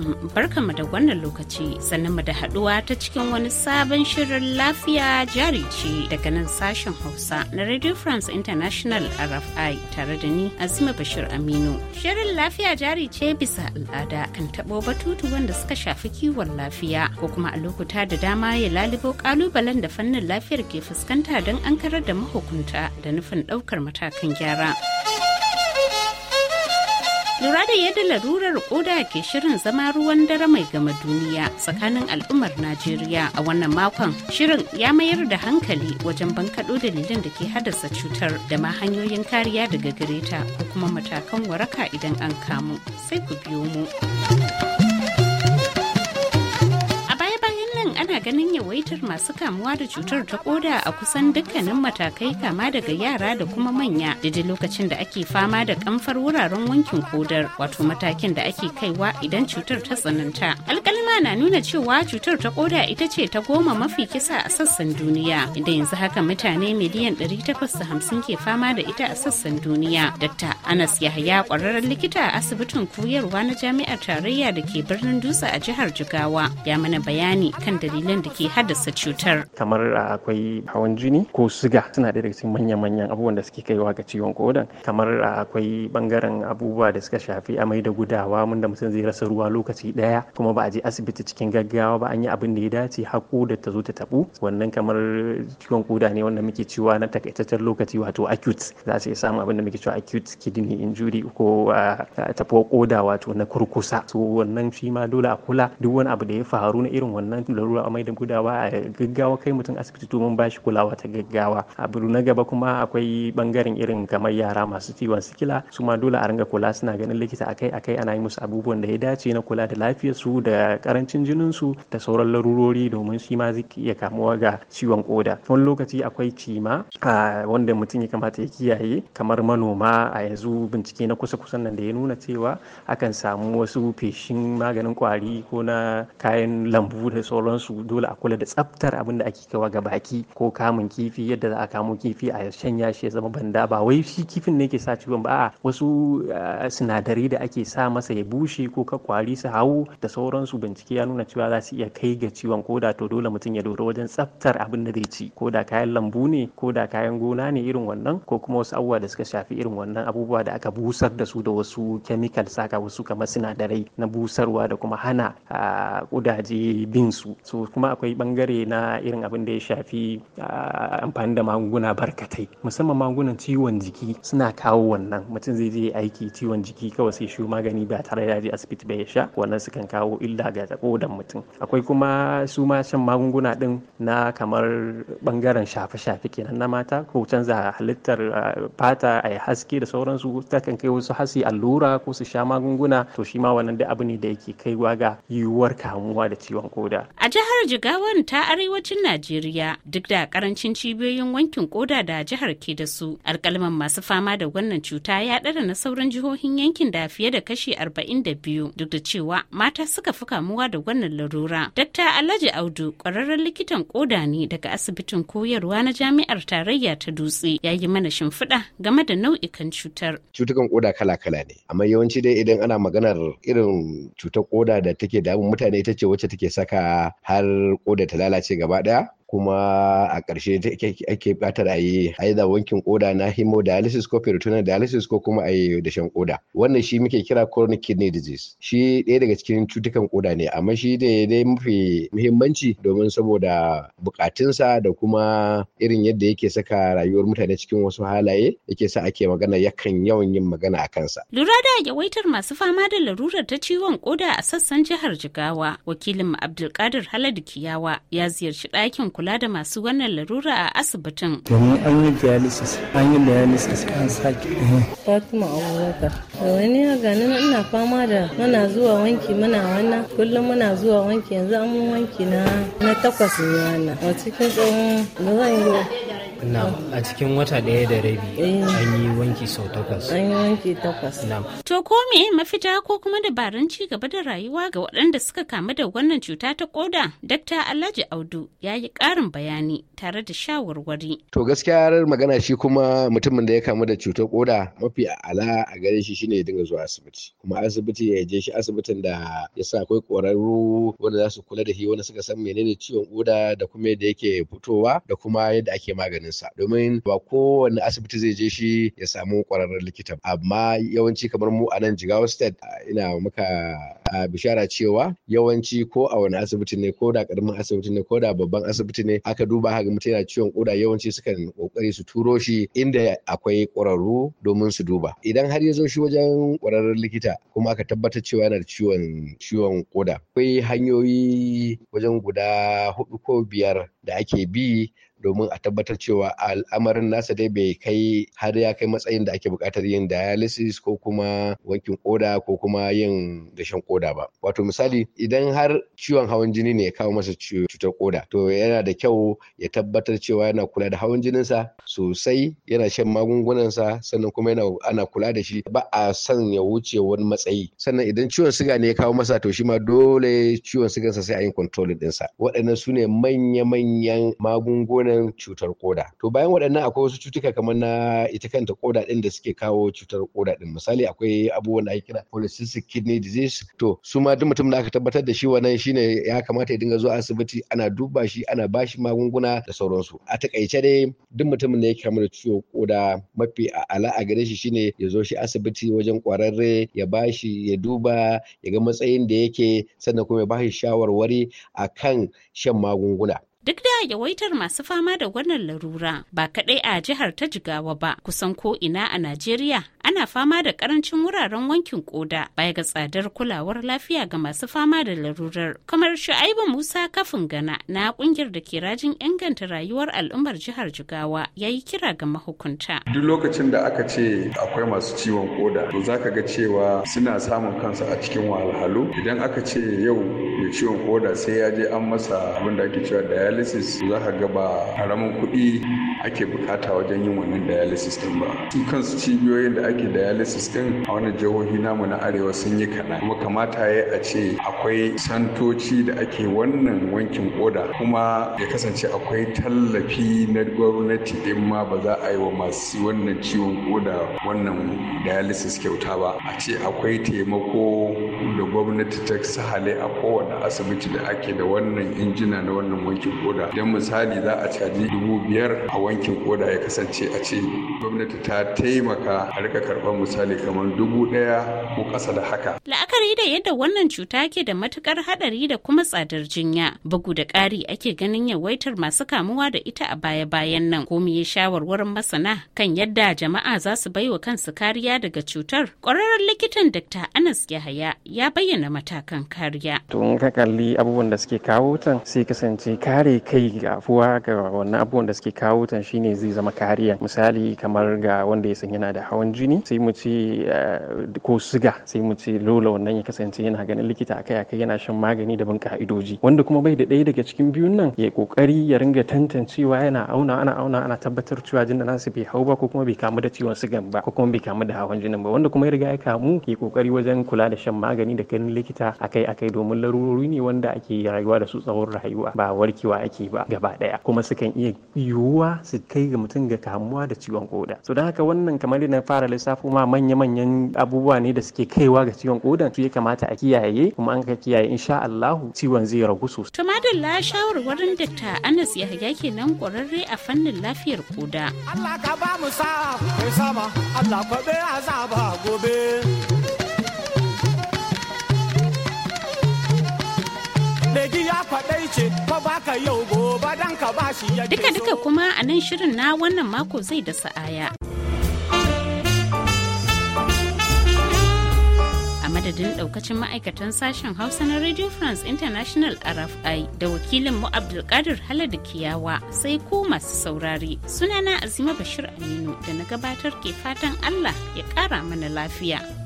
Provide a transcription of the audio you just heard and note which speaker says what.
Speaker 1: alaikum barkanmu da wannan lokaci sannan mu da haduwa ta cikin wani sabon shirin lafiya jari ce daga nan sashen Hausa na Radio France International RFI tare da ni Azima Bashir Aminu. Shirin lafiya jari ce bisa al'ada kan tabo batutu wanda suka shafi kiwon lafiya ko kuma a lokuta da dama ya lalibo kalubalen da fannin lafiyar ke fuskanta don an karar da mahukunta da nufin daukar matakan gyara. da yadda larurar koda ke shirin zama ruwan dare mai gama duniya tsakanin al'ummar najeriya a wannan makon shirin ya mayar da hankali wajen bankaɗo dalilan da ke haddasa cutar da ma hanyoyin kariya daga gareta ko kuma matakan waraka idan an kamu sai ku biyo mu. ganin yawaitar masu kamuwa da cutar ta koda a kusan dukkanin matakai kama daga yara da kuma manya daidai lokacin da ake fama da kamfar wuraren wankin kodar wato matakin da ake kaiwa idan cutar ta tsananta alkalin kuma na nuna cewa cutar ta koda ita ce ta goma mafi kisa a sassan duniya inda yanzu haka mutane miliyan 850 ke fama da ita a sassan duniya dr anas yahaya kwararren likita a asibitin koyarwa na jami'ar tarayya da ke birnin dutse a jihar jigawa ya mana bayani kan dalilan da ke haddasa cutar
Speaker 2: kamar ah, akwai hawan jini ko siga suna da daga cikin manya-manyan abubuwan da suke kaiwa ga ciwon kodan kamar ah, akwai bangaren abubuwa da suka shafi amai da gudawa mun da mutum zai rasa ruwa lokaci ɗaya kuma ba a je asibiti asibiti cikin gaggawa ba an yi abin da ya dace har da ta zo ta tabu wannan kamar ciwon koda ne wanda muke cewa na takaitaccen lokaci wato acute za su iya samun abin da muke cewa acute kidney injury ko tafuwar koda wato na kurkusa so wannan shi ma dole a kula duk wani abu da ya faru na irin wannan larura amai da gudawa a gaggawa kai mutum asibiti domin ba shi kulawa ta gaggawa abu na gaba kuma akwai bangaren irin kamar yara masu ciwon sikila su ma dole a ringa kula suna ganin likita akai akai ana yi musu abubuwan da ya dace na kula da lafiyarsu da karancin jinin su da sauran larurori domin shi ma zai iya kamuwa ga ciwon koda wani lokaci akwai cima wanda mutum ya kamata ya kiyaye kamar manoma a yanzu bincike na kusa kusan nan da ya nuna cewa akan samu wasu feshin maganin kwari ko na kayan lambu da sauransu dole a kula da tsaftar abin da ake kawa ga baki ko kamun kifi yadda za a kamo kifi a shanya shi ya zama banda ba wai shi kifin ne ke sa ciwon ba a wasu sinadarai da ake sa masa ya bushe ko ka kwari su hau da sauransu bincike bincike ya nuna cewa za su iya kai ga ciwon koda to dole mutum ya dora wajen tsaftar abin da zai ci ko da kayan lambu ne ko da kayan gona ne irin wannan ko kuma wasu abubuwa da suka shafi irin wannan abubuwa da aka busar da su da wasu kemikal saka wasu kamar sinadarai na busarwa da kuma hana kudaje bin su so kuma akwai bangare na irin abin da ya shafi amfani da magunguna barkatai musamman magungunan ciwon jiki suna kawo wannan mutum zai je aiki ciwon jiki kawai sai shi magani ba tare da asibiti ba ya sha wannan sukan kawo illa ga da kodan mutum akwai kuma su ma shan magunguna din na kamar bangaren shafe-shafe kenan na mata ko canza halittar fata a yi haske da sauransu ta kan kai wasu hasi allura ko su sha magunguna to shi ma wannan da abu ne da yake kaiwa ga yiwuwar kamuwa da ciwon koda
Speaker 1: a jihar jigawan ta arewacin najeriya duk da karancin cibiyoyin wankin koda da jihar ke da su alkalman masu fama da wannan cuta ya ɗara na sauran jihohin yankin da fiye da kashi 42 duk da cewa mata suka fi kamuwa kamuwa da wannan larura. Dakta Alhaji Audu ƙwararren likitan koda ne daga asibitin koyarwa na jami'ar tarayya ta dutse ya yi mana shimfiɗa game da nau'ikan cutar.
Speaker 3: Cutukan koda kala-kala ne amma yawanci dai idan ana maganar irin cutar koda da take damun mutane ita ce wacce take saka har koda ta lalace gaba ɗaya kuma a ƙarshe ake buƙatar a yi aida wankin koda na hemodialysis ko peritoneal dialysis ko kuma a yi dashen koda wannan shi muke kira chronic kidney disease shi ɗaya daga cikin cutukan koda ne amma shi ne dai mafi muhimmanci domin saboda bukatunsa da kuma irin yadda yake saka rayuwar mutane cikin wasu halaye yake sa ake magana yakan yawan yin magana a kansa.
Speaker 1: Lura da yawaitar masu fama da larurar ta ciwon koda a sassan jihar Jigawa, wakilin Abdulkadir Haladu Kiyawa ya ziyarci ɗakin kula kula da masu wannan larura a asibitin.
Speaker 2: Domin an yi dialysis, an yi dialysis an sake.
Speaker 3: Eh.
Speaker 1: Fatima Abubakar. Da wani ya gani ina fama da muna zuwa wanki muna wannan kullum muna zuwa wanki yanzu an wanki na
Speaker 3: na takwas ne wannan. A
Speaker 1: cikin tsawon da zan yi
Speaker 2: Na'am a cikin wata ɗaya da rabi eh. an yi wanki sau takwas. An yi wanki takwas. Na'am.
Speaker 1: To ko me mafita ko kuma dabarun ci gaba da rayuwa ga waɗanda suka kamu da wannan cuta ta koda? Dakta Alhaji Audu ya yi ƙarin bayani tare da shawarwari.
Speaker 3: To gaskiya magana shi kuma mutumin da ya kamu da cutar koda mafi ala a gare shi shine ya dinga zuwa asibiti. Kuma asibiti ya je shi asibitin da ya sa akwai ƙwararru wanda za su kula da shi wanda suka san menene ciwon koda da kuma yadda yake fitowa da kuma yadda ake maganin lafiyarsa domin ba kowane asibiti zai je shi ya samu kwararren likita amma yawanci kamar mu a nan jigawa state ina maka bishara cewa yawanci ko a wani asibiti ne ko da karamin asibiti ne ko da babban asibiti ne aka duba haka mutum yana ciwon koda yawanci sukan kokari su turo shi inda akwai ƙwararru domin su duba idan har ya zo shi wajen kwararren likita kuma aka tabbatar cewa yana da ciwon ciwon koda akwai hanyoyi wajen guda hudu ko biyar da ake bi domin a tabbatar cewa al'amarin nasa dai bai kai har ya kai matsayin da ake buƙatar yin dialysis ko kuma wankin koda ko kuma yin dashen koda ba wato misali idan har ciwon hawan jini ne ya kawo masa cutar koda to yana da kyau ya tabbatar cewa yana kula da hawan jininsa sosai yana shan magungunansa sannan kuma yana ana kula da shi ba a son ya wuce wani matsayi sannan idan ciwon siga ne ya kawo masa to shi ma dole ciwon sigansa sai a yi controlling ɗinsa waɗannan su ne manya-manyan magungunan bangaren cutar koda to bayan waɗannan akwai wasu cutuka kamar na ita kanta koda din da suke kawo cutar koda din misali akwai abubuwan da ake kira polycystic kidney disease to su ma duk mutum da aka tabbatar da shi wannan shine ya kamata ya dinga zuwa asibiti ana duba shi ana bashi magunguna da sauransu a takaice dai duk mutumin da ya kama da ciwon koda mafi ala a gare shi shine ya zo shi asibiti wajen kwararre ya bashi ya duba ya ga matsayin da yake sannan kuma ya bashi shawarwari akan shan magunguna
Speaker 1: duk da yawaitar masu fama da wannan larura ba kaɗai a jihar ta jigawa ba kusan ko ina a najeriya ana fama da karancin wuraren wankin koda baya ga tsadar kulawar lafiya ga masu fama da larurar kamar shu'aibu musa kafin gana na kungiyar da ke rajin inganta rayuwar al'ummar jihar jigawa ya yi kira ga mahukunta
Speaker 3: duk lokacin da aka ce akwai masu ciwon koda to za ka ga cewa suna samun kansu a cikin wahalhalu idan aka ce yau mai ciwon koda sai ya je an masa abin da ake cewa dialysis za ka ga ba karamin kuɗi ake bukata wajen yin wannan dialysis din ba su kansu cibiyoyin da ake dialysis din a wani jihohi namu na arewa sun yi kaɗan kuma kamata ya a ce akwai santoci da ake wannan wankin koda kuma ya kasance akwai tallafi na gwamnati din ma ba za a yi wa masu wannan ciwon koda wannan dialysis kyauta ba a ce akwai taimako da gwamnati ta sahale a kowane asibiti da ake da wannan injina na wannan wankin koda don misali za a caji dubu biyar a wankin koda ya kasance a ce gwamnati ta taimaka a rika karban misali kamar dubu ɗaya ko ƙasa da haka.
Speaker 1: La'akari da yadda wannan cuta ke da matukar hadari da kuma tsadar jinya bugu da ƙari ake ganin yawaitar masu kamuwa da ita a baya-bayan nan ko ya shawarwarin masana kan yadda jama'a za su wa kansu kariya daga cutar ƙwararren likitan Dr. Anas Yahaya ya bayyana matakan kariya.
Speaker 2: To in ka kalli abubuwan da suke kawo tan sai kasance kare kai ga afuwa ga wannan abubuwan da suke kawo tan shine zai zama kariya misali kamar ga wanda ya san yana da hawan jini sai mu ci eh, ko siga sai mu ci lola wannan ya kasance yana ganin likita akai akai yana shan magani da bin ka'idoji wanda kuma bai da ɗaya daga cikin biyun nan ya kokari ya ringa tantancewa yana auna ana auna ana tabbatar cewa da nasu bai hau ba ko kuma bai kamu da ciwon sigan ba ko kuma bai kamu da hawan jinin ba wanda kuma ya riga ya kamu ya kokari wajen kula da shan magani da ganin likita akai akai domin larurori ne wanda ake rayuwa da su tsawon rayuwa ba warkewa ake ba gaba daya kuma sukan iya yiwuwa su kai ga mutum ga kamuwa da ciwon koda so don haka wannan kamar yadda na fara lissafo ma manya-manyan abubuwa ne da suke kaiwa ga ciwon kodan su ya kamata a kiyaye kuma an ka kiyaye insha Allah ciwon zai ragu sosai
Speaker 1: to la shawarwarin dakta Anas ya Yahya kenan kwararre a fannin lafiyar koda
Speaker 2: Allah ka ba mu sa mai sama Allah ka bai azaba gobe Legi ya kwaɗai ce ba baka yau gobe
Speaker 1: Duka-duka kuma a nan shirin na wannan mako zai da sa'aya. A madadin daukacin ma'aikatan sashen hausa na radio france international rfi da wakilin mu abdulkadir haladu kiyawa sai ku masu saurari sunana azima bashir aminu da na gabatar ke fatan allah ya kara mana lafiya.